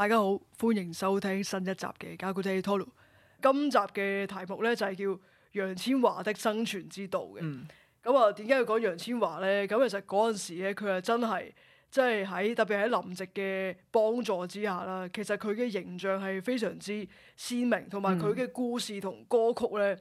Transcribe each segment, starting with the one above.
大家好，歡迎收聽新一集嘅《加古鐵托魯》。今集嘅題目咧就係、是、叫《楊千嬅的生存之道》嘅。咁啊、嗯，點解要講楊千嬅咧？咁其實嗰陣時咧，佢啊真係，即係喺特別喺林夕嘅幫助之下啦。其實佢嘅形象係非常之鮮明，同埋佢嘅故事同歌曲咧，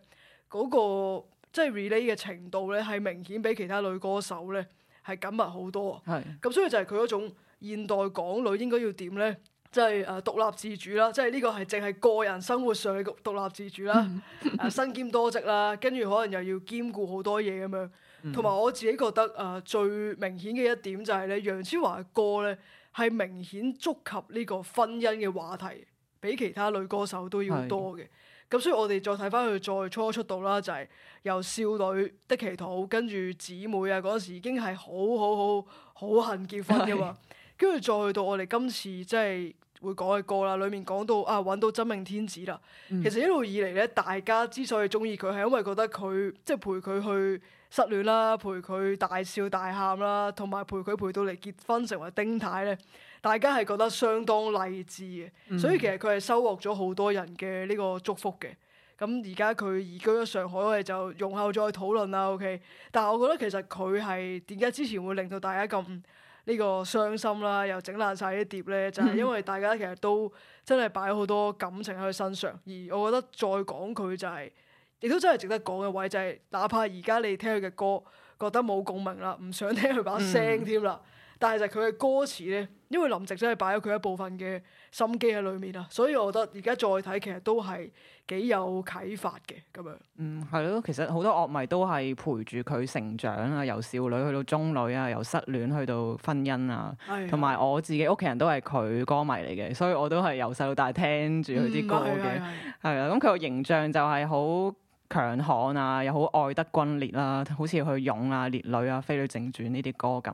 嗰、嗯那個即係、就是、relate 嘅程度咧，係明顯比其他女歌手咧係緊密好多。係咁是，所以就係佢嗰種現代港女應該要點咧。即係誒獨立自主啦，即係呢個係淨係個人生活上嘅獨立自主啦，誒身兼多職啦，跟住可能又要兼顧好多嘢咁樣。同埋我自己覺得誒最明顯嘅一點就係咧，楊千嬅嘅歌咧係明顯觸及呢個婚姻嘅話題，比其他女歌手都要多嘅。咁所以我哋再睇翻佢再初出道啦，就係由少女的祈禱，跟住姊妹啊，嗰時已經係好好好好恨結婚嘅嘛。跟住再去到我哋今次即係會講嘅歌啦，裡面講到啊揾到真命天子啦。嗯、其實一路以嚟咧，大家之所以中意佢，係因為覺得佢即係陪佢去失戀啦，陪佢大笑大喊啦，同埋陪佢陪到嚟結婚成為丁太咧，大家係覺得相當勵志嘅。嗯、所以其實佢係收穫咗好多人嘅呢個祝福嘅。咁而家佢移居咗上海，我哋就容後再討論啦。OK，但係我覺得其實佢係點解之前會令到大家咁？呢個傷心啦，又整爛晒啲碟咧，就係因為大家其實都真係擺好多感情喺佢身上，而我覺得再講佢就係，亦都真係值得講嘅位就係，哪怕而家你聽佢嘅歌覺得冇共鳴啦，唔想聽佢把聲添啦，嗯，但係就佢嘅歌詞咧。因為林夕真係擺咗佢一部分嘅心機喺裏面啊，所以我覺得而家再睇其實都係幾有啟發嘅咁樣。嗯，係咯，其實好多樂迷都係陪住佢成長啊，由少女去到中女啊，由失戀去到婚姻啊，同埋的我自己屋企人都係佢歌迷嚟嘅，所以我都係由細到大聽住佢啲歌嘅，係啊、嗯，咁佢個形象就係好強悍啊，又好愛得轟烈啦，好似去《勇》啊，《烈女》啊，《飛女正傳》呢啲歌咁。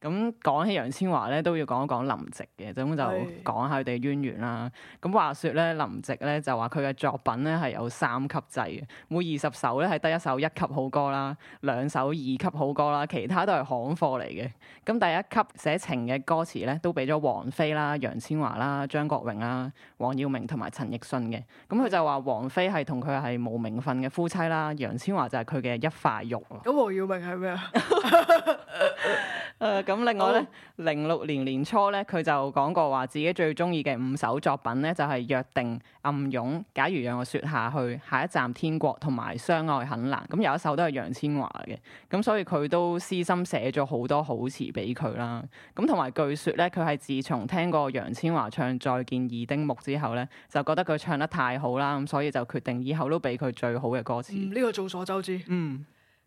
咁講起楊千嬅咧，都要講一講林夕嘅，咁就講下佢哋嘅淵源啦。咁話說咧，林夕咧就話佢嘅作品咧係有三級制嘅，每二十首咧係得一首一級好歌啦，兩首二級好歌啦，其他都係行貨嚟嘅。咁第一級寫情嘅歌詞咧，都俾咗王菲啦、楊千嬅啦、張國榮啦、黃耀明同埋陳奕迅嘅。咁佢就話王菲係同佢係無名分嘅夫妻啦，楊千嬅就係佢嘅一塊肉咯。咁黃耀明係咩啊？ 咁另外咧，零六、oh. 年年初咧，佢就講過話自己最中意嘅五首作品咧、就是，就係《約定》、《暗湧》、《假如讓我說下去》、《下一站天國》同埋《相愛很難》。咁有一首都係楊千嬅嘅，咁所以佢都私心寫咗好多好詞俾佢啦。咁同埋據說咧，佢係自從聽過楊千嬅唱《再見二丁目》之後咧，就覺得佢唱得太好啦，咁所以就決定以後都俾佢最好嘅歌詞。呢、嗯呢個眾所周知。嗯。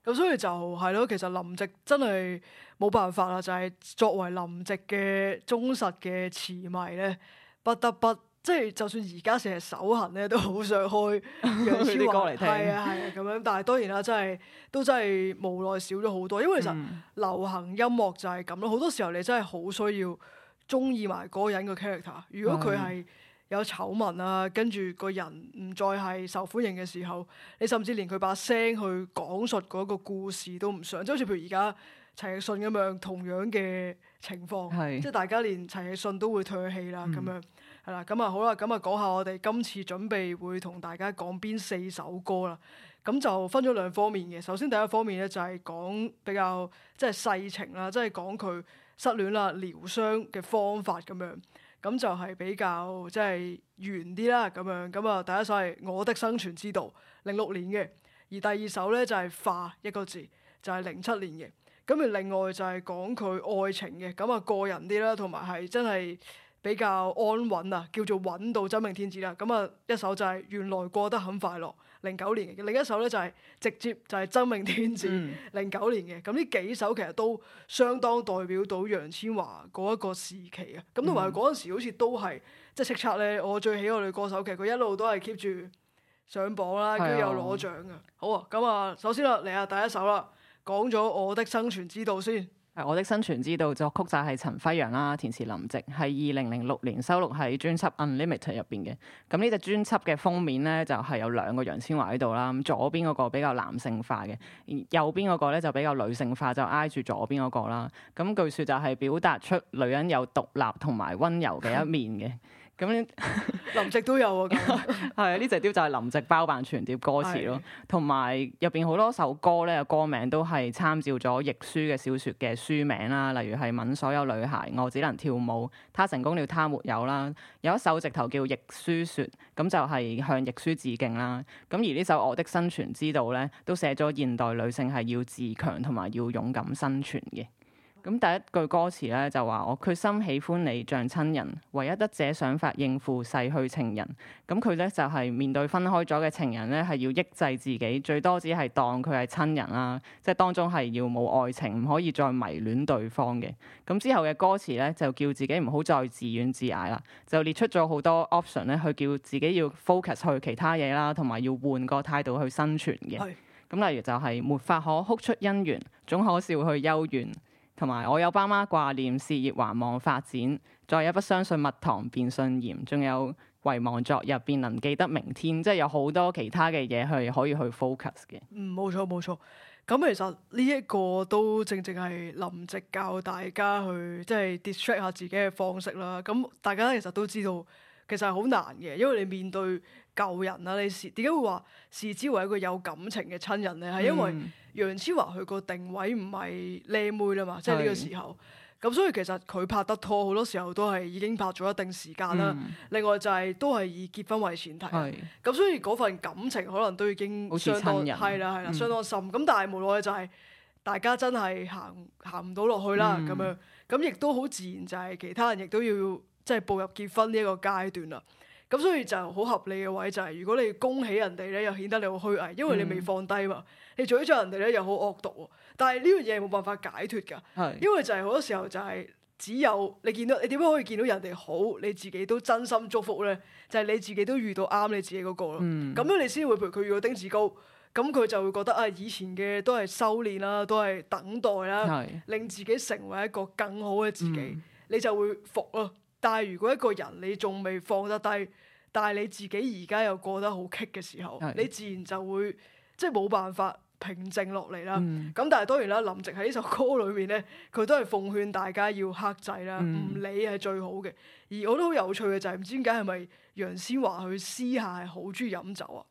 咁所以就係咯，其實林夕真係冇辦法啦，就係、是、作為林夕嘅忠實嘅詞迷咧，不得不即係就算而家成日手痕咧，都好想開佢啲 歌嚟聽，係啊係啊咁樣。但係當然啦，真係都真係無奈少咗好多，因為其實流行音樂就係咁咯。好、嗯、多時候你真係好需要中意埋嗰個人嘅 character，如果佢係。嗯有醜聞啊，跟住個人唔再係受歡迎嘅時候，你甚至連佢把聲去講述嗰個故事都唔想，即係好似譬如而家陳奕迅咁樣同樣嘅情況，是即係大家連陳奕迅都會唾棄啦咁樣，係啦，咁啊好啦，咁啊講下我哋今次準備會同大家講邊四首歌啦，咁就分咗兩方面嘅，首先第一方面咧就係講比較即係細情啦，即係講佢失戀啦、療傷嘅方法咁樣。咁就係比較即係、就是、圓啲啦，咁樣。咁啊第一首係我的生存之道，零六年嘅；而第二首咧就係、是、化一個字，就係零七年嘅。咁啊另外就係講佢愛情嘅，咁啊個人啲啦，同埋係真係比較安穩啊，叫做揾到真命天子啦。咁啊一首就係、是、原來過得很快樂。零九年嘅另一首咧就係直接就係、是、真命天子，零九年嘅。咁呢、嗯、幾首其實都相當代表到楊千嬅嗰一個時期啊。咁同埋嗰陣時好似都係即係《叱咤》咧，我最喜愛嘅歌手，其實佢一路都係 keep 住上榜啦，跟住、嗯、又攞獎嘅。嗯、好啊，咁啊，首先啦，嚟下第一首啦、啊，講咗我的生存之道先。我的生存之道作曲就係陳輝陽啦，填詞林夕，係二零零六年收錄喺專輯《Unlimited》入邊嘅。咁呢隻專輯嘅封面咧，就係有兩個楊千嬅喺度啦。咁左邊嗰個比較男性化嘅，右邊嗰個咧就比較女性化，就挨住左邊嗰個啦。咁據說就係表達出女人有獨立同埋溫柔嘅一面嘅。咁 林夕都有啊，係啊 對，呢隻碟就係林夕包辦全碟歌詞咯，同埋入邊好多首歌咧，歌名都係參照咗亦舒嘅小説嘅書名啦，例如係《吻所有女孩》，我只能跳舞，她成功了，她沒有啦，有一首直頭叫《亦舒説》，咁就係向亦舒致敬啦。咁而呢首《我的生存之道》咧，都寫咗現代女性係要自強同埋要勇敢生存嘅。咁第一句歌詞咧就話我決心喜歡你像親人，唯一得這想法應付逝去情人。咁佢咧就係、是、面對分開咗嘅情人咧，係要抑制自己，最多只係當佢係親人啦。即係當中係要冇愛情，唔可以再迷戀對方嘅。咁之後嘅歌詞咧就叫自己唔好再自怨自艾啦，就列出咗好多 option 咧，去叫自己要 focus 去其他嘢啦，同埋要換個態度去生存嘅。咁是例如就係、是、沒法可哭出恩怨，總可笑去幽怨。同埋我有爸媽掛念，事業還望發展，再也不相信蜜糖變信鹽，仲有遺忘昨日便能記得明天，即係有好多其他嘅嘢係可以去 focus 嘅。嗯，冇錯冇錯。咁其實呢一個都正正係林夕教大家去即係、就是、distract 下自己嘅方式啦。咁大家其實都知道，其實係好難嘅，因為你面對舊人啦，你事點解會話視之為一個有感情嘅親人咧？係因為楊千嬅佢個定位唔係靚妹啦嘛，即係呢個時候，咁是所以其實佢拍得拖好多時候都係已經拍咗一定時間啦。嗯、另外就係都係以結婚為前提，咁、嗯、所以嗰份感情可能都已經相當係啦係啦，相當深。咁、嗯、但係無奈就係大家真係行行唔到落去啦，咁、嗯、樣咁亦都好自然就係其他人亦都要即係步入結婚呢一個階段啦。咁所以就好合理嘅位就係如果你恭喜人哋咧，又顯得你好虛偽，因為你未放低嘛。嗯、你詛咒人哋咧，又好惡毒、啊。但係呢樣嘢冇辦法解脫噶，是 因為就係好多時候就係只有你見到你點樣可以見到人哋好，你自己都真心祝福咧，就係、是、你自己都遇到啱你自己嗰個咯。咁、嗯、樣你先會陪佢遇到丁子高，咁佢就會覺得啊，以前嘅都係修煉啦，都係等待啦，是 令自己成為一個更好嘅自己，你就會服咯。但係如果一個人你仲未放得低，但係你自己而家又過得好棘嘅時候，Yes. 你自然就會即係冇辦法平靜落嚟啦。咁、mm. 但係當然啦，林夕喺呢首歌裏面咧，佢都係奉勸大家要克制啦，唔理係最好嘅。Mm. 而我都好有趣嘅就係、是，唔知點解係咪楊千嬅佢私下係好中意飲酒啊？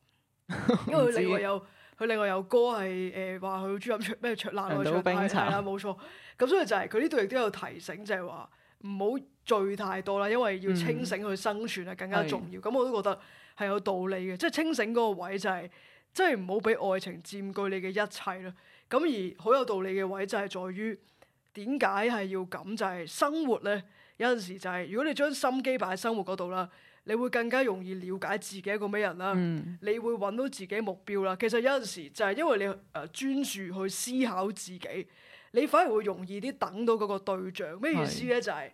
因為佢另外有佢另外有歌係誒話佢好中意飲咩？灼冷飲冰茶啦，冇錯。咁所以就係佢呢度亦都有提醒，就係、是、話。唔好醉太多啦，因為要清醒去生存係、嗯、更加重要。咁是我都覺得係有道理嘅，即、就、係、是、清醒嗰個位就係、是，即係唔好俾愛情佔據你嘅一切啦。咁而好有道理嘅位就係在於點解係要咁？就係、是、生活咧，有陣時就係如果你將心機擺喺生活嗰度啦，你會更加容易了解自己一個咩人啦。嗯、你會搵到自己目標啦。其實有陣時就係因為你誒專注去思考自己。你反而會容易啲等到嗰個對象。咩意思咧？就係、是、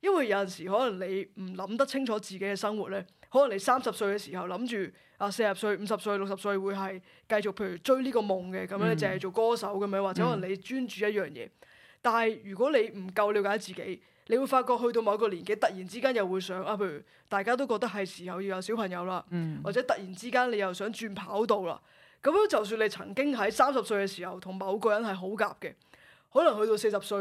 因為有陣時可能你唔諗得清楚自己嘅生活咧，可能你三十歲嘅時候諗住啊四十歲、五十歲、六十歲會係繼續譬如追呢個夢嘅咁樣，你淨係、嗯、做歌手咁樣，或者可能你專注一樣嘢。嗯、但係如果你唔夠了解自己，你會發覺去到某個年紀，突然之間又會想啊，譬如大家都覺得係時候要有小朋友啦，嗯、或者突然之間你又想轉跑道啦。咁樣就算你曾經喺三十歲嘅時候同某個人係好夾嘅。可能去到四十歲，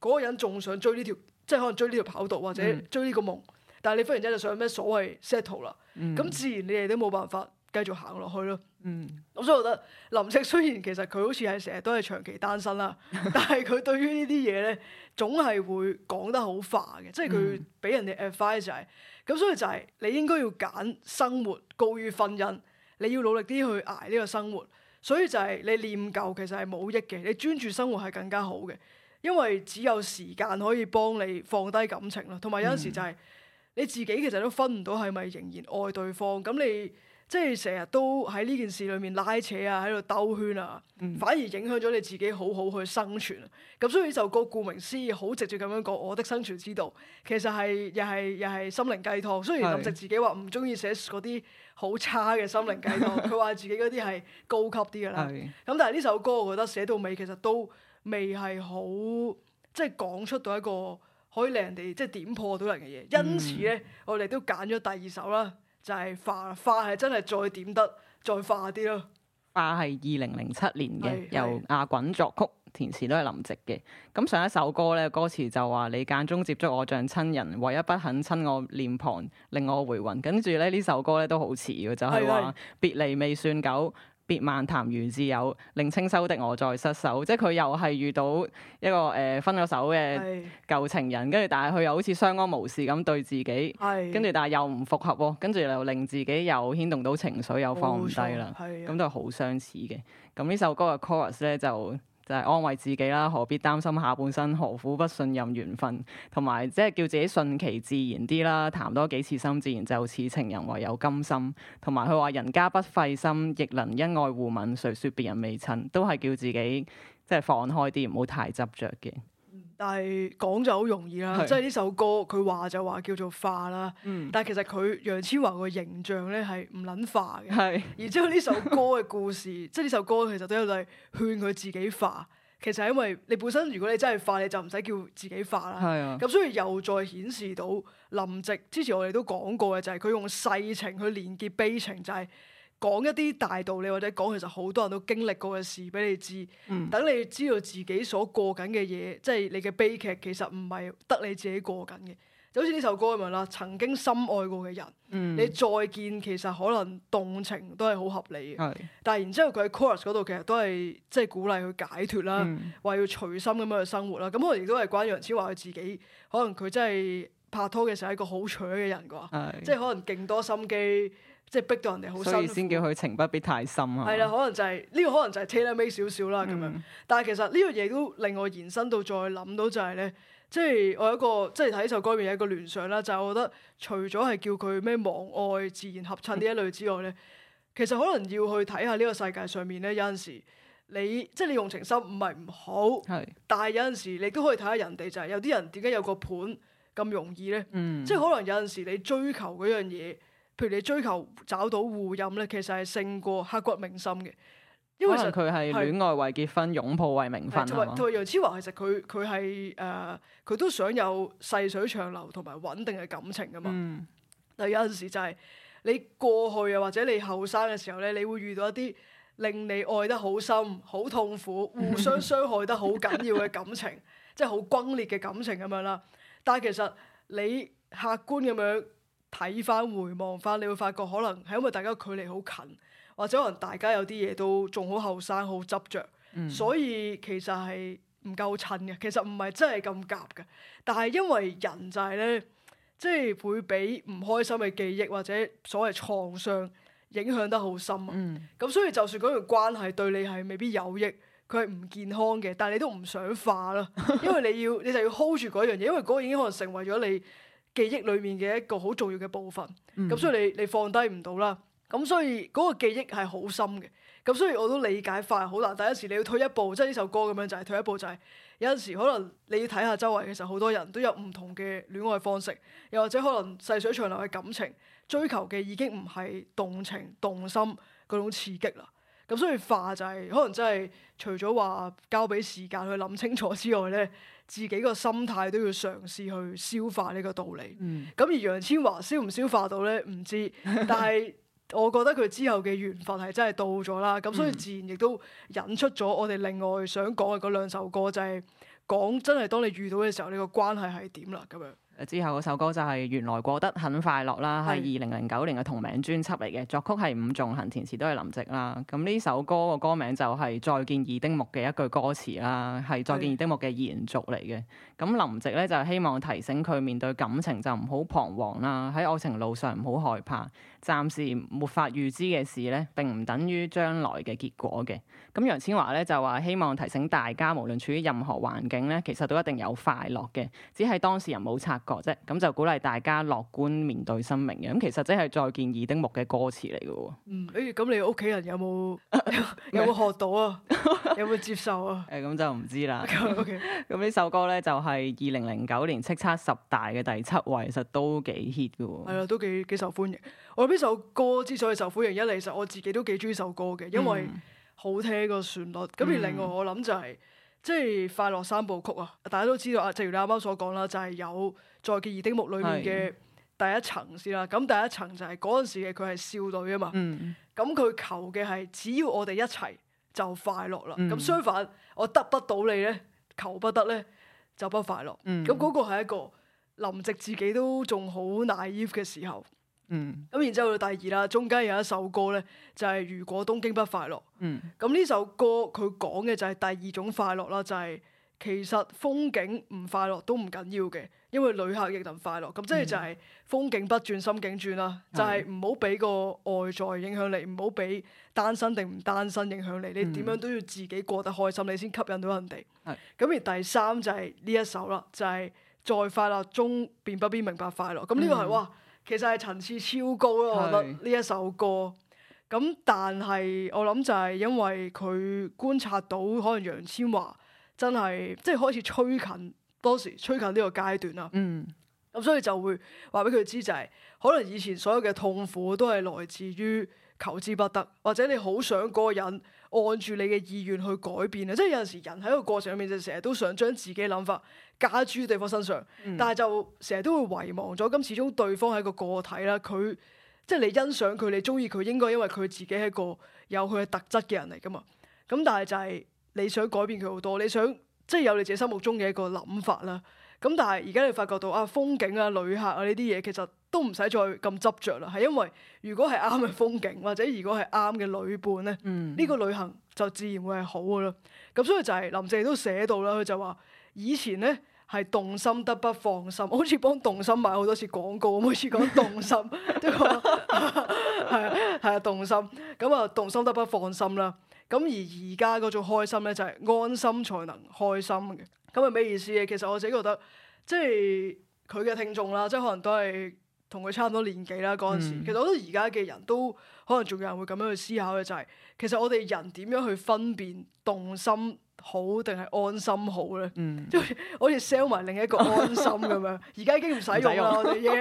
嗰、那個人仲想追呢條，即係可能追呢條跑道或者追呢個夢，嗯、但係你忽然之間就想咩所謂 settle 啦，咁、嗯、自然你哋都冇辦法繼續行落去咯。咁、嗯、所以我覺得林夕雖然其實佢好似係成日都係長期單身啦， 但係佢對於呢啲嘢咧，總係會講得好化嘅，嗯、即係佢俾人哋 advice 就係、是，咁所以就係你應該要揀生活高於婚姻，你要努力啲去捱呢個生活。所以就係你念舊其實係冇益嘅，你專注生活係更加好嘅，因為只有時間可以幫你放低感情啦。同埋有陣時就係你自己其實都分唔到係咪仍然愛對方，咁你。即係成日都喺呢件事裏面拉扯啊，喺度兜圈啊，嗯、反而影響咗你自己好好去生存啊。咁所以呢首歌顧名思義，好直接咁樣講，我的生存之道其實係又係又係心靈雞湯。雖然林夕自己話唔中意寫嗰啲好差嘅心靈雞湯，佢話是 自己嗰啲係高級啲嘅啦。咁 但係呢首歌我覺得寫到尾其實都未係好，即係講出到一個可以令人哋即係點破到人嘅嘢。因此咧，嗯、我哋都揀咗第二首啦。就係化，化係真係再點得，再化啲咯。化係二零零七年嘅，係由阿滾作曲，填詞都係林夕嘅。咁上一首歌咧，歌詞就話你間中接觸我像親人，唯一不肯親我臉龐，令我回魂。跟住咧呢首歌咧都好似嘅，就係、係、話別離未算久。別漫談如摯友，令清修的我再失守，即係佢又係遇到一個誒、呃、分咗手嘅舊情人，跟住是但係佢又好似相安無事咁對自己，跟住是但係又唔復合喎，跟住又令自己又牽動到情緒又放唔低啦，咁都係好相似嘅。咁呢首歌嘅 chorus 咧就。就係安慰自己啦，何必擔心下半生，何苦不信任緣分？同埋即係叫自己順其自然啲啦，談多幾次心，自然就似情人唯有甘心。同埋佢話人家不費心，亦能恩愛互吻，誰説別人未親？都係叫自己即係、就是、放開啲，唔好太執着嘅。但係講就好容易啦，是即係呢首歌佢話就話叫做化啦。嗯、但係其實佢楊千嬅個形象咧，係唔撚化嘅。係是，然之後呢首歌嘅故事， 即係呢首歌其實都有勸佢自己化。其實係因為你本身如果你真係化，你就唔使叫自己化啦。咁、啊、所以又再顯示到林夕之前我哋都講過嘅，就係佢用世情去連結悲情，就係、是。講一啲大道理，或者講其實好多人都經歷過嘅事俾你知，等、嗯、你知道自己所過緊嘅嘢，嗯、即係你嘅悲劇，其實唔係得你自己過緊嘅。就好似呢首歌咁樣啦，曾經深愛過嘅人，嗯、你再見其實可能動情都係好合理嘅。嗯、但係然之後佢喺 chorus 嗰度，其實都係即係鼓勵佢解脫啦，話、嗯、要隨心咁樣去生活啦。咁可能亦都係關楊千嬅佢自己，可能佢真係拍拖嘅時候係一個好取嘅人啩，嗯、即係可能勁多心機。即係逼到人哋好辛苦，所以先叫佢情不必太深啊。係啦吧，可能就係、是、呢、這個，可能就係車釐米少少啦咁、嗯、樣。但係其實呢樣嘢都令我延伸到再諗到就係咧，即、就、係、是、我有一個即係睇首歌嗰邊有一個聯想啦，就係、是、我覺得除咗係叫佢咩忘愛自然合襯呢一類之外咧，嗯、其實可能要去睇下呢個世界上面咧有陣時你即係、就是、你用情深唔係唔好，係、嗯，但係有陣時你都可以睇下人哋就係有啲人點解有個盤咁容易咧？嗯嗯、即係可能有陣時你追求嗰樣嘢。譬如你追求找到互隱咧，其實係勝過刻骨銘心嘅。因為其實、就是、可能佢係戀愛為結婚，擁是抱為名分。是是是同埋，同埋楊千嬅其實佢佢係誒佢都想有細水長流同埋穩定嘅感情噶嘛。嗯、但有陣時就係、是、你過去啊或者你後生嘅時候咧，你會遇到一啲令你愛得好深、好痛苦、互相傷害得好緊要嘅感情，即係好轟烈嘅感情咁樣啦。但係其實你客觀咁樣。睇翻回望翻，你會發覺可能係因為大家距離好近，或者可能大家有啲嘢都仲好後生，好執着。嗯、所以其實係唔夠襯嘅。其實唔係真係咁夾嘅，但係因為人就係咧，即、就、係、係、會俾唔開心嘅記憶或者所謂創傷影響得好深啊。咁、嗯、所以就算嗰段關係對你係未必有益，佢係唔健康嘅，但係你都唔想化啦，因為你要你就要 hold 住嗰樣嘢，因為嗰個已經可能成為咗你，記憶裏面嘅一個好重要嘅部分，咁、嗯、所以你你放低唔到啦，咁所以嗰個記憶係好深嘅，咁所以我都理解，快好難。第一時你要退一步，即係呢首歌咁樣就係退一步，就係、是就是就是、有陣時可能你要睇下周圍嘅時候，好多人都有唔同嘅戀愛方式，又或者可能細水長流嘅感情，追求嘅已經唔係動情動心嗰種刺激啦。咁所以化就係、係、可能真係除咗話交俾時間去諗清楚之外咧，自己個心態都要嘗試去消化呢個道理。咁、嗯、而楊千嬅消唔消化到咧，唔知。但係我覺得佢之後嘅緣分係真係到咗啦。咁 所以自然亦都引出咗我哋另外想講嘅嗰兩首歌、就係，就係講真係當你遇到嘅時候，你、呢個關係係點啦咁樣。之後嗰首歌就係、係、原來過得很快樂啦，係二零零九年嘅同名專輯嚟嘅，係作曲係伍仲衡，填詞都係林夕啦。咁呢首歌個歌名就係、係《再見二丁目》嘅一句歌詞啦，係《再見二丁目》嘅延續嚟嘅。咁係林夕咧就希望提醒佢面對感情就唔好彷徨啦，喺愛情路上唔好害怕。暫時沒法預知嘅事咧，並唔等於將來嘅結果嘅。咁楊千嬅咧就話希望提醒大家，無論處於任何環境咧，其實都一定有快樂嘅，只係當事人冇察覺啫。咁就鼓勵大家樂觀面對生命嘅。咁其實即係再見二丁目嘅歌詞嚟嘅喎。嗯，哎、欸，咁你屋企人有冇有冇學到啊？ 有冇接受啊？誒、欸，咁就唔知啦。咁呢 Okay, okay. 首歌咧就係二零零九年叱咤十大嘅第七位，其實都幾 hit 噶喎。係啊，都幾幾受歡迎。我呢首歌之所以受歡迎，一嚟其實我自己都幾中意首歌嘅，因為好聽個旋律。咁、嗯、而另外我諗就係、是，即、就、係、是、快樂三部曲啊。大家都知道啊，正如你啱啱所講啦，就係、就是、有《再見二丁目》裏面嘅第一層先啦。咁是第一層就係嗰陣時嘅佢係少女啊嘛。嗯。咁佢求嘅係只要我哋一齊。就快樂啦。咁、嗯、相反，我得不到你咧，求不得咧，就不快樂。咁嗰、嗯、個係一個林夕自己都仲好 naive 嘅時候。咁、嗯、然之後到第二啦，中間有一首歌咧，就係、是、《如果東京不快樂》。咁呢、嗯、首歌佢講嘅就係第二種快樂啦，就係、是。其實風景唔快樂都唔緊要嘅，因為旅客亦能快樂。咁即係就係風景不轉，心境轉啦。嗯、就係唔好俾個外在影響你，唔好俾單身定唔單身影響你。你點樣都要自己過得開心，你先吸引到人哋。咁、嗯、而第三就係呢一首啦，就係、是、在快樂中，便不必明白快樂。咁呢個係、嗯、哇，其實係層次超高咯，我覺得呢一首歌。咁、嗯、但係我諗就係因為佢觀察到可能楊千嬅。真係即係開始趨近當時趨近呢個階段啦。咁、嗯、所以就會話俾佢知就係、是，可能以前所有嘅痛苦都係來自於求之不得，或者你好想嗰個人按住你嘅意願去改變啊。嗯、即係有陣時人喺個過程裏面就成日都想將自己諗法加諸喺對方身上，嗯、但係就成日都會遺忘咗。咁始終對方係一個個體啦，佢即係你欣賞佢，你中意佢，應該因為佢自己係一個有佢嘅特質嘅人嚟噶嘛。咁但係就係、是。你想改變佢好多，你想即係有你自己心目中嘅一個諗法啦。咁但係而家你發覺到啊，風景啊、旅客啊呢啲嘢，其實都唔使再咁執着啦。係因為如果係啱嘅風景，或者如果係啱嘅旅伴咧，呢、嗯、個旅行就自然會係好噶啦。咁所以就係林夕亦都寫到啦，佢就話以前咧係動心得不放心，我好似幫動心買好多次廣告，每次講動心，即係係啊，係啊，係啊，係啊動心，咁啊動心得不放心啦。咁而而家嗰種開心呢，就係安心才能開心嘅。咁係咩意思呢？其實我自己覺得，即係佢嘅聽眾啦，即係可能都係同佢差唔多年紀啦嗰陣時。嗯，其實我覺得而家嘅人都可能仲有人會咁樣去思考嘅，就係其實我哋人點樣去分辨動心好定係安心好咧，即好似 sell 埋另一個安心咁樣。而家 已經唔使用啦，我哋已經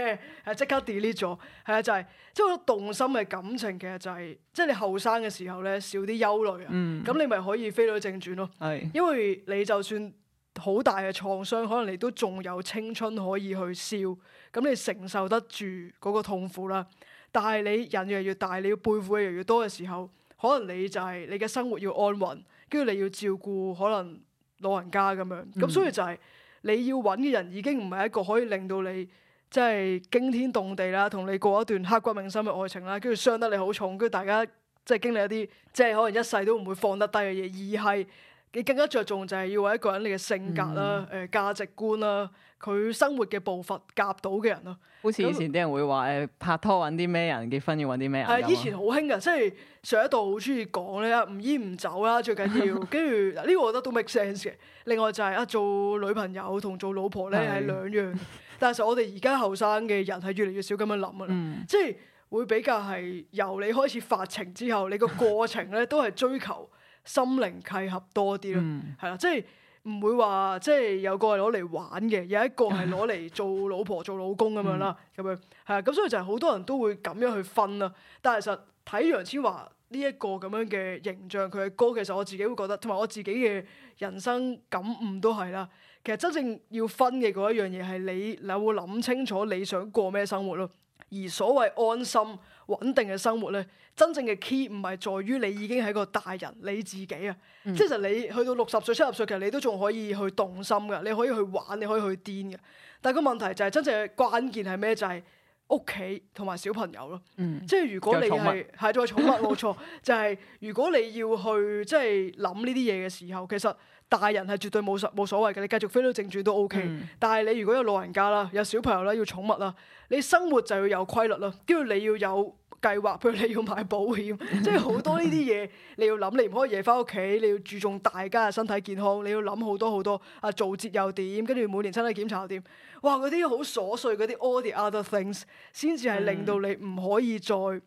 係即刻 delete 咗。係啊，就係即係動心嘅感情，其實就係即係你後生嘅時候咧，少啲憂慮啊。咁、嗯、你咪可以飛女正傳咯。係的，因為你就算好大嘅創傷，可能你都仲有青春可以去燒。咁你承受得住嗰個痛苦啦。但係你人越嚟越大，你要背負嘅越嚟越多嘅時候，可能你就係你嘅生活要安穩。跟住你要照顧可能老人家咁樣，咁、嗯、所以就係你要揾嘅人已經唔係一個可以令到你即係驚天動地啦，同你過一段刻骨銘心嘅愛情啦，跟住傷得你好重，跟住大家即係經歷一啲即係可能一世都唔會放得低嘅嘢，而係，你更加着重就係要為一個人你嘅性格啦、誒價、嗯呃、值觀啦、佢生活嘅步伐夾到嘅人啦。好似以前啲人會話誒、嗯、拍拖揾啲咩人，結婚要揾啲咩人。誒，以前好興㗎， 即係上一度好中意講咧，唔依唔走啦，最緊要跟住呢個我覺得都 make sense 嘅。另外就係啊，做女朋友同做老婆咧係兩樣，但係我哋而家後生嘅人係越嚟越少咁樣諗啦，嗯、即係會比較係由你開始發情之後，你個過程咧都係追求。 心靈契合多啲咯，係啦、嗯，即係唔會話即係有個係攞嚟玩嘅，有一個係攞嚟做老婆做老公咁樣啦，咁樣係啊，咁所以就係好多人都會咁樣去分啦。但係其實睇楊千嬅呢一個咁樣嘅形象，佢嘅歌其實我自己會覺得，同埋我自己嘅人生感悟都係啦。其實真正要分嘅嗰一樣嘢係你，你會諗清楚你想過咩生活咯。而所謂安心穩定嘅生活咧，真正嘅 key 唔係在於你已經係個大人你自己啊，嗯、即係其實你去到六十歲七十歲，其實你都仲可以去動心嘅，你可以去玩，你可以去癲嘅。但係個問題就係、是、真正嘅關鍵係咩？就係屋企同埋小朋友咯。嗯、即係如果你係係做寵物冇錯，錯 就係如果你要去即係諗呢啲嘢嘅時候，其實。大人係絕對冇冇所謂嘅，你繼續飛到正轉都 OK。但係你如果有老人家啦，有小朋友啦，要寵物啦，你生活就要有規律啦，跟住你要有計劃，譬如你要買保險，即係好多呢啲嘢你要諗，你唔可以夜翻屋企，你要注重大家嘅身體健康，你要諗好多好多啊，做節又點，跟住每年身體檢查又點，哇！嗰啲好瑣碎嗰啲 all the other things，先至係令到你唔可以再亂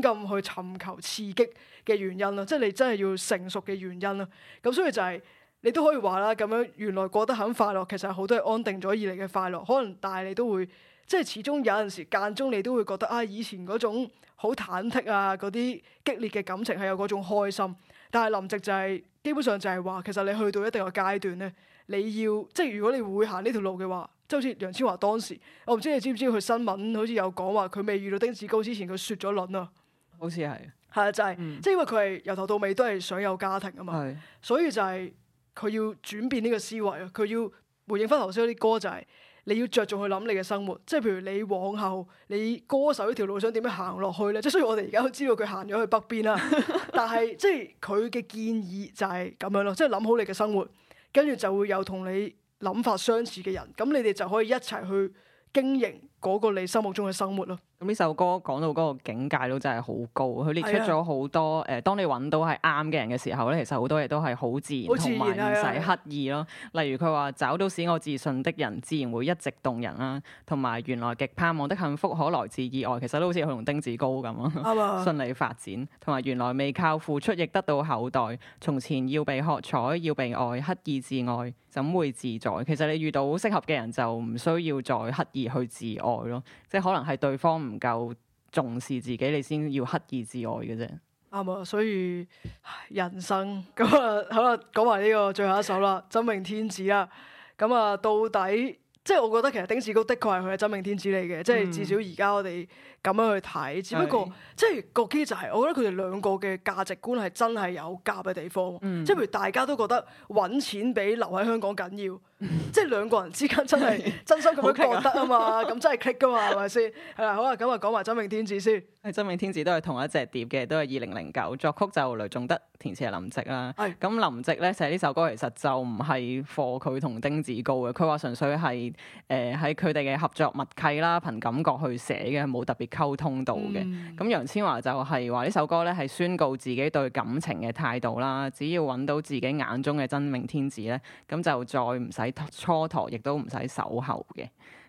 咁去尋求刺激嘅原因啦。即係你真係要成熟嘅原因啦。咁所以就係、是。你都可以話啦，咁樣原來過得很快樂，其實好多係安定咗以嚟嘅快樂，可能但係你都會，即係始終有陣時間中你都會覺得啊，以前嗰種好忐忑啊，嗰啲激烈嘅感情係有嗰種開心，但係林夕就係、是、基本上就係話，其實你去到一定個階段咧，你要即係如果你會行呢條路嘅話，即係好似楊千嬅當時，我唔知你知唔知佢新聞好似有講話佢未遇到丁子高之前佢說咗輪啊，好似係係就係、是、嗯、即係因為佢係由頭到尾都係想有家庭啊嘛，的所以就係、是。佢要轉變呢個思維啊！佢要回應翻頭先嗰啲歌，就係、是、你要着重去諗你嘅生活，即係譬如你往後你歌手呢條路想點樣行落去咧？即係雖然我哋而家都知道佢行咗去北邊啦，但係即係佢嘅建議就係咁樣咯，即係諗好你嘅生活，跟住就會有同你諗法相似嘅人，咁你哋就可以一齊去經營嗰個你心目中嘅生活啦。咁呢首歌講到嗰個境界都真係好高，佢列出咗好多誒的、呃、當你揾到係啱嘅人嘅時候咧，其實好多嘢都係好自然，同埋唔使刻意咯。的例如佢話找到使我自信的人，自然會一直動人啦。同埋原來極盼望的幸福可來自意外，其實都好似佢同丁子高咁啊，的 順利發展。同埋原來未靠付出亦得到厚待，從前要被喝彩，要被愛，刻意自愛，怎會自在？其實你遇到適合嘅人就唔需要再刻意去自愛咯，即係可能係對方。唔夠重視自己，你先要刻意自愛嘅啫。啱啊，所以人生咁啊、 嗯，好啦，講埋呢個最後一首啦，《真命天子》啦、嗯。咁、嗯、啊，到底即係我覺得其實丁子高的確係佢係真命天子嚟嘅，即係至少而家我哋。咁樣去睇，只不過的即係個 key 就係，我覺得佢哋兩個嘅價值觀係真係有夾嘅地方。嗯、即係譬如大家都覺得揾錢比留喺香港緊要，嗯、即係兩個人之間真係真心咁樣覺得啊嘛，咁 真係 click 噶嘛，係咪先？係啦， 好啦，咁啊講埋《真命天子》先。《真命天子》都係同一隻碟嘅，都係二零零九，作曲就雷頌德，填詞係林夕啦。係咁的林夕咧寫呢首歌，其實就唔係貨佢同丁子高嘅，佢話純粹係誒喺佢哋嘅合作默契啦，憑感覺去寫嘅，冇特別。溝通到嘅，咁、嗯、楊千嬅就係話呢首歌咧，係宣告自己對感情嘅態度啦。只要揾到自己眼中嘅真命天子咧，咁就再唔使蹉跎，亦都唔使守候嘅。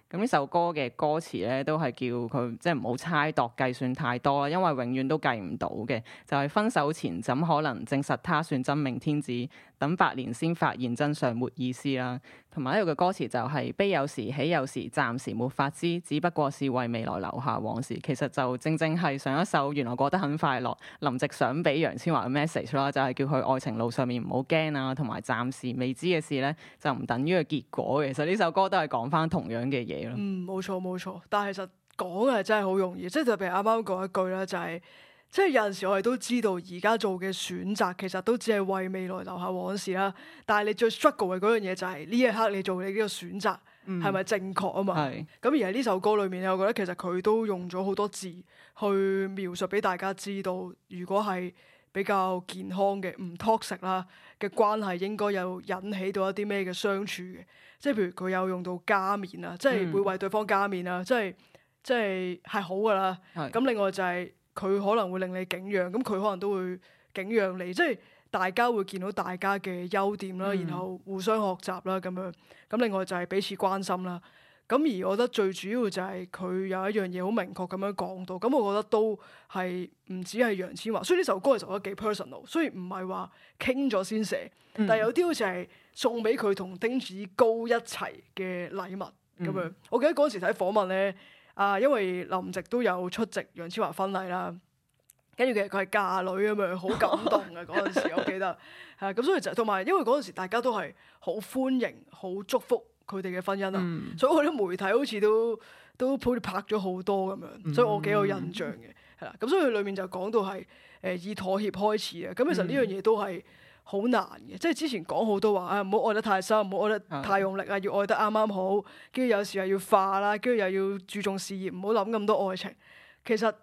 咁呢首歌嘅歌詞咧，都係叫佢即係唔好猜度、計算太多，因為永遠都計唔到嘅。就係、是、分手前怎可能證實他算真命天子？等八年先發現真相沒意思啦，同埋呢個嘅歌詞就係悲有時，喜有時，暫時沒法知，只不過是為未來留下往事。其實就正正係上一首原來過得很快樂，林夕想俾楊千嬅嘅 message 啦，就係叫佢愛情路上面唔好驚啊，同埋暫時未知嘅事呢，就唔等於個結果。其實呢首歌都係講翻同樣嘅嘢咯。嗯，冇錯冇錯，但係其實講係真係好容易，即係就俾阿媽講一句啦，就係。即係有陣時我哋都知道，而家做嘅選擇其實都只係為未來留下往事啦。但係你最 struggle 嘅嗰樣嘢就係呢一刻你做你呢個選擇係咪正確啊？嘛是，咁而喺呢首歌裏面，我覺得其實佢都用咗好多字去描述俾大家知道，如果係比較健康嘅，唔 toxic 啦嘅關係，應該有引起到一啲咩嘅相處嘅。即係譬如佢有用到加冕啦，即係會為對方加冕，嗯，是是啦，即係即係係好噶啦。咁另外就係，是。佢可能會令你景仰，咁佢可能都會景仰你，即係大家會見到大家嘅優點啦，嗯、然後互相學習啦，咁樣。咁另外就係彼此關心啦。咁而我覺得最主要就係佢有一樣嘢好明確咁樣講到，咁我覺得都係唔止係楊千嬅。所以呢首歌其實我覺得幾 personal，雖然唔係話傾咗先寫。嗯、但有啲好似係送俾佢同丁子高一齊嘅禮物咁樣。嗯、我記得嗰陣時睇訪問咧。啊，因為林夕都有出席楊千嬅婚禮啦，跟住其實佢係嫁女咁嘛，好感動啊嗰陣時，我記得係咁、啊、所以就同埋因為嗰陣時大家都係好歡迎、好祝福佢哋嘅婚姻啦，嗯、所以佢啲媒體好似都都好似拍咗好多咁樣，所以我幾有印象嘅係啦。咁、嗯、所以裏面就講到係誒、呃、以妥協開始啊，咁其實呢樣嘢都係。嗯好難嘅，即係之前講好多話，啊，唔好愛得太深，唔好愛得太用力啊，要愛得啱啱好。跟住有時又要化啦，跟住又要注重事業，唔好諗咁多愛情。其實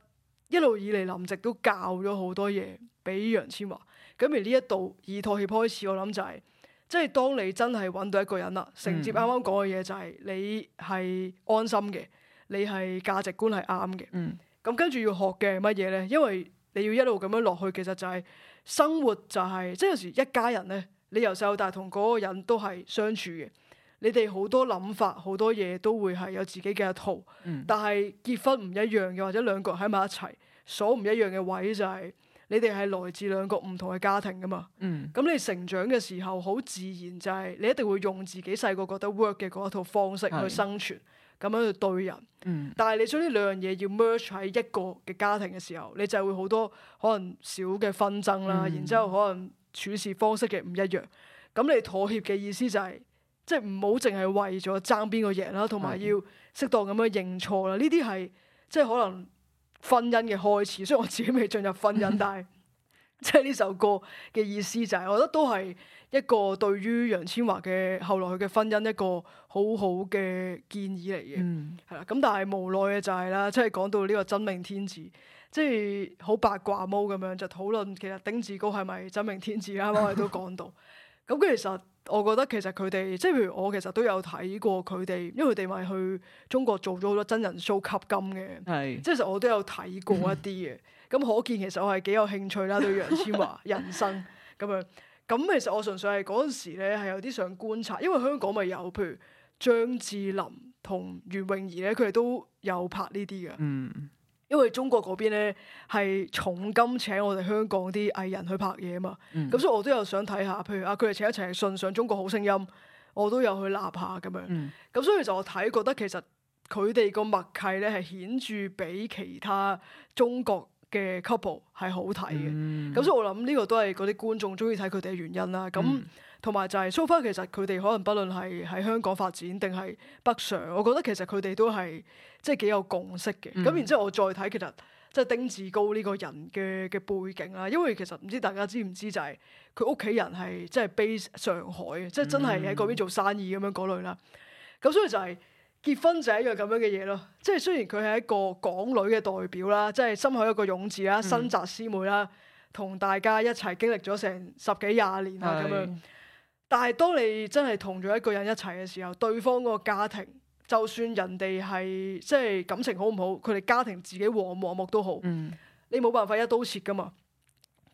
一路以嚟，林夕都教咗好多嘢俾楊千嬅。咁而呢一度以妥協開始，我諗就係，即係當你真係揾到一個人啦，承接啱啱講嘅嘢就係，你係安心嘅，你係價值觀係啱嘅。咁跟住要學嘅係乜嘢咧？因為你要一路咁樣落去，其實就係。生活就係即係有時一家人咧，你由細到大同嗰個人都係相處嘅，你哋好多諗法好多嘢都會係有自己嘅一套。嗯、但係結婚唔一樣嘅，或者兩個人喺埋一齊，所唔一樣嘅位就係、是、你哋係來自兩個唔同嘅家庭㗎嘛。咁、嗯、你成長嘅時候，好自然就係、是、你一定會用自己細個覺得 work 嘅嗰一套方式去生存。咁樣去對人，但係你將呢兩樣嘢要 merge 喺一個嘅家庭嘅時候，你就會好多可能小嘅紛爭啦，嗯、然之後可能處事方式嘅唔一樣。咁你妥協嘅意思就係、是，即係唔好淨係為咗爭邊個贏啦，同埋要適當咁樣認錯啦。呢啲係即係可能婚姻嘅開始，雖然我自己未進入婚姻，但係。即係呢首歌嘅意思就係，我覺得都係一個對於楊千嬅嘅後來佢嘅婚姻一個好好嘅建議嚟嘅。嗯，係啦。咁但係無奈嘅就係啦，即係講到呢個真命天子，即係好八卦毛咁樣就討論，其實丁志高係咪真命天子啊？ 我哋都講到，咁其實我覺得其實佢哋，即係譬如我其實都有睇過佢哋，因為佢哋咪去中國做咗好多真人 show 吸金嘅。是 即係其實我都有睇過一啲嘅。嗯咁可見其實我係幾有興趣啦，對楊千嬅人生咁 樣。咁其實我純粹係嗰陣時咧，係有啲想觀察，因為香港咪有，譬如張智霖同袁詠儀咧，佢哋都有拍呢啲嘅。嗯、因為中國嗰邊咧，係重金請我哋香港啲藝人去拍嘢嘛。咁、嗯、所以我都有想睇下，譬如啊，佢哋請一齊信上《中國好聲音》，我都有去攬下咁樣。咁、嗯、所以就我睇覺得其實佢哋個默契咧，係顯著比其他中國。嘅 couple 係好睇嘅，咁、嗯、所以我諗呢個都係嗰啲觀眾中意睇佢哋嘅原因啦。咁同埋就係 so far 其實佢哋可能不論係喺香港發展定係北上，我覺得其實佢哋都係即係幾有共識嘅。咁、嗯、然之後我再睇，其實即係丁志高呢個人嘅嘅背景啦。因為其實唔知大家知唔知就，就係佢屋企人係即係 base 上海，即係真係喺嗰邊做生意咁樣嗰類啦。咁、嗯、所以就係。結婚就係一樣咁樣嘅嘢咯，即係雖然佢係一個港女嘅代表啦，即係心口一個勇字啦，新紮師妹啦，同大家一齊經歷咗成十幾廿年啊咁、嗯、樣，但係當你真係同咗一個人一齊嘅時候，對方嗰個家庭，就算人哋係即係感情好唔好，佢哋家庭自己和唔和睦都好，嗯、你冇辦法一刀切噶嘛。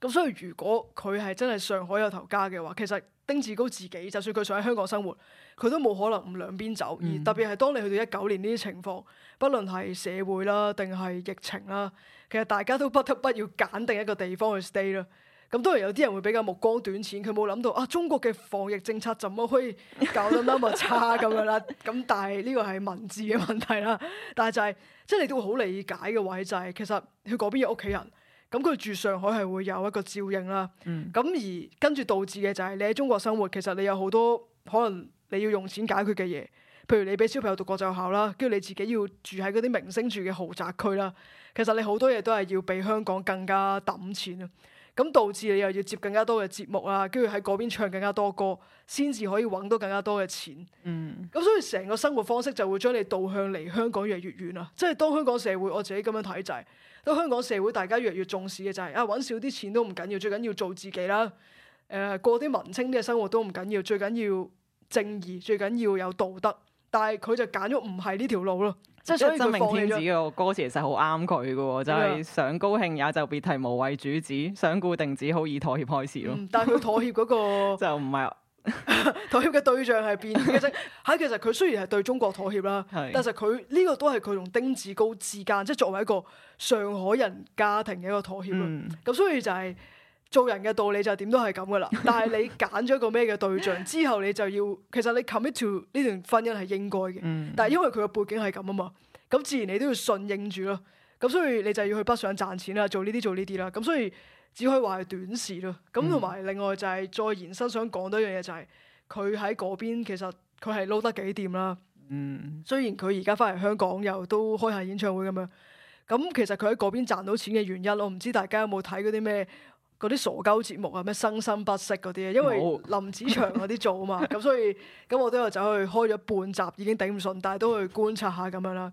咁所以如果佢係真係上海有頭家嘅話，其實丁志高自己就算佢想喺香港生活，佢都冇可能唔兩邊走。嗯、而特別係當你去到一九年呢啲情況，不論係社會啦，定係疫情啦，其實大家都不得不要揀定一個地方去 stay 啦。咁當然有啲人會比較目光短淺，佢冇諗到啊，中國嘅防疫政策怎麼可以搞得那麼差咁樣啦。咁 但係呢個係文字嘅問題啦。但係就係、是、即係你都會好理解嘅位就係、是、其實佢嗰邊有屋企人。咁佢住上海係會有一個照應啦，咁、嗯、而跟住導致嘅就係你喺中國生活，其實你有好多可能你要用錢解決嘅嘢，譬如你俾小朋友讀國際學校啦，跟住你自己要住喺嗰啲明星住嘅豪宅區啦，其實你好多嘢都係要比香港更加揼錢啊！咁導致你又要接更加多嘅節目啊，跟住喺嗰邊唱更加多歌，先至可以揾到更加多嘅錢。咁、嗯、所以成個生活方式就會將你導向離香港越嚟越遠啊！即係當香港社會我自己咁樣睇就係、是。都香港社會，大家越嚟越重視嘅就係、是、啊，揾少啲錢都唔緊要，最緊要做自己啦。誒、呃，過啲文青啲嘅生活都唔緊要，最緊要正義，最緊要有道德。但係佢就揀咗唔係呢條路咯。即係是所以，真命天子嘅歌詞其實好啱佢㗎，就係、是、想高興，也就別提無謂主旨，想固定只好以妥協開始咯、嗯。但係佢妥協嗰、那個 就唔係 妥協嘅對象係邊嘅啫？吓， 其實佢雖然係對中國妥協啦，是但係佢呢個都係佢同丁子高之間，即、就、係、是、作為一個上海人家庭嘅一個妥協咁、嗯、所以就係、是、做人嘅道理就係點都係咁噶啦。但係你揀咗個咩嘅對象 之後，你就要其實你 commit to 呢段婚姻係應該嘅。嗯、但係因為佢嘅背景係咁啊嘛，咁自然你都要順應住咯。咁所以你就要去北上賺錢啦，做呢啲做呢啲啦。咁所以。只可以話係短視咯，咁同埋另外就係、是嗯、再延伸想講多樣嘢，就係佢喺嗰邊其實佢係撈得幾掂啦。嗯，雖然佢而家翻嚟香港又都開下演唱會咁樣，咁其實佢喺嗰邊賺到錢嘅原因，我唔知大家有冇睇嗰啲咩嗰啲傻鳩節目啊，咩生生不息嗰啲啊，因為林子祥嗰啲做啊嘛，咁沒有 所以咁我都有走去開咗半集已經頂唔順，但係都去觀察下咁樣啦。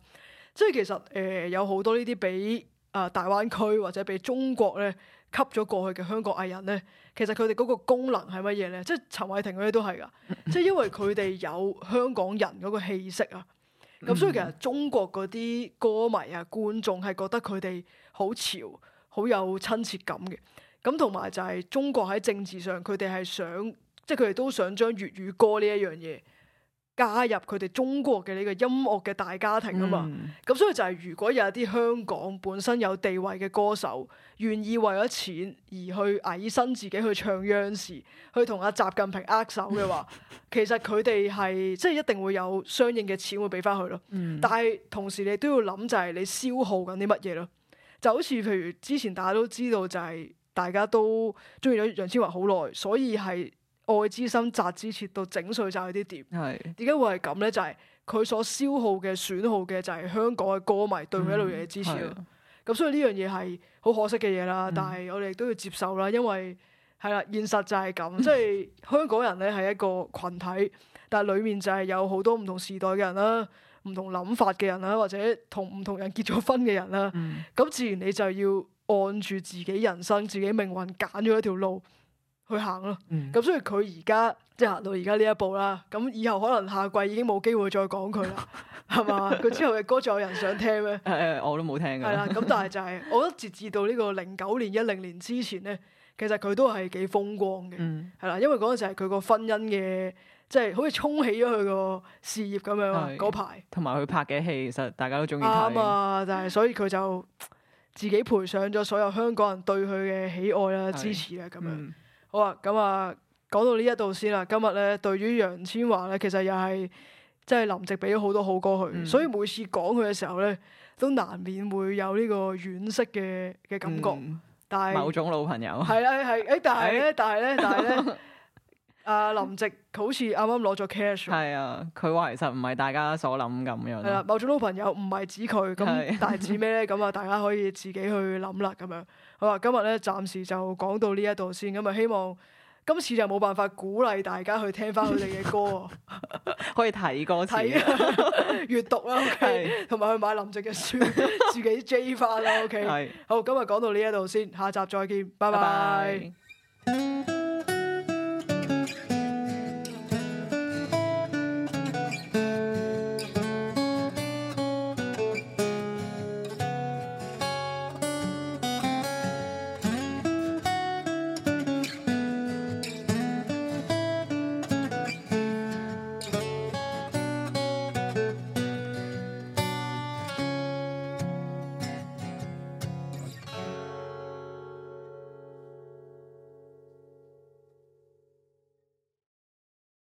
即係其實誒、呃、有好多呢啲畀啊、呃、大灣區或者畀中國咧。吸咗過去嘅香港藝人咧，其實佢哋嗰個功能係乜嘢咧？即係陳偉霆嗰啲都係㗎，即係因為佢哋有香港人嗰個氣息啊，咁 所以其實中國嗰啲歌迷啊、觀眾係覺得佢哋好潮、好有親切感嘅。咁同埋就係中國喺政治上，佢哋係想，即係佢哋都想將粵語歌呢一樣嘢。加入佢哋中國嘅呢個音樂嘅大家庭啊嘛，咁、mm hmm. 所以就係如果有啲香港本身有地位嘅歌手願意為咗錢而去矮身自己去唱央視去同阿習近平握手嘅話， 其實佢哋係即係一定會有相應嘅錢會俾翻佢咯。Mm hmm. 但係同時你都要諗就係你消耗緊啲乜嘢咯，就好似譬如之前大家都知道就係大家都中意咗楊千嬅好耐，所以係。愛之心責之切，到整碎曬啲碟。點解會係咁咧？就係、是、佢所消耗嘅、損耗嘅，就係香港嘅歌迷對佢呢樣嘢嘅支持。咁所以呢樣嘢係好可惜嘅嘢啦。嗯、但係我哋都要接受啦，因為係啦，現實就係咁。即、就、係、是、香港人咧係一個群體， 但係裡面就係有好多唔同時代嘅人啦，唔同諗法嘅人啦，或者同唔同人結咗婚嘅人啦。咁、嗯、自然你就要按住自己人生、自己命運揀咗一條路。去行咯，咁、嗯啊、所以佢而家即係行到而家呢一步啦。咁以後可能下季已經冇機會再講佢啦，係嘛？ 佢之後嘅歌仲有人想聽咩？誒誒、嗯，我都冇聽嘅。係啦，咁但係就係、是，我覺得直至到呢個零九年一零 年之前咧，其實佢都係幾風光嘅，係、嗯、啦。因為嗰陣時係佢個婚姻嘅，即、就、係、是、好似衝起咗佢個事業咁樣嗰排。同埋佢拍嘅戲，其實大家都中意。啱啊，但係所以佢就自己賠上咗所有香港人對佢嘅喜愛啦、支持啦咁樣。的的好啊，咁啊，講到呢一度先啦。今日咧，對於楊千嬅咧，其實又係即係林夕俾咗好多好歌佢，嗯、所以每次講佢嘅時候咧，都難免會有呢個惋惜嘅嘅感覺。嗯、但係是某種老朋友，係啦係，誒、啊啊，但係咧、欸，但係咧，但係咧。阿、啊、林夕好似啱啱攞咗 cash，係啊，佢話其實唔係大家所諗咁樣。係啦，某種老朋友唔係指佢，咁但係指咩咧？咁啊，大， 大家可以自己去諗啦，咁樣好啦。今日咧暫時就講到呢一度先，咁啊希望今次就冇辦法鼓勵大家去聽翻佢哋嘅歌，哦， 可以睇歌，睇閱看 讀啦，OK，同埋 去買林夕嘅書， 自己 J 翻啦，OK 是。好，今日講到呢一度先，下集再見，拜拜。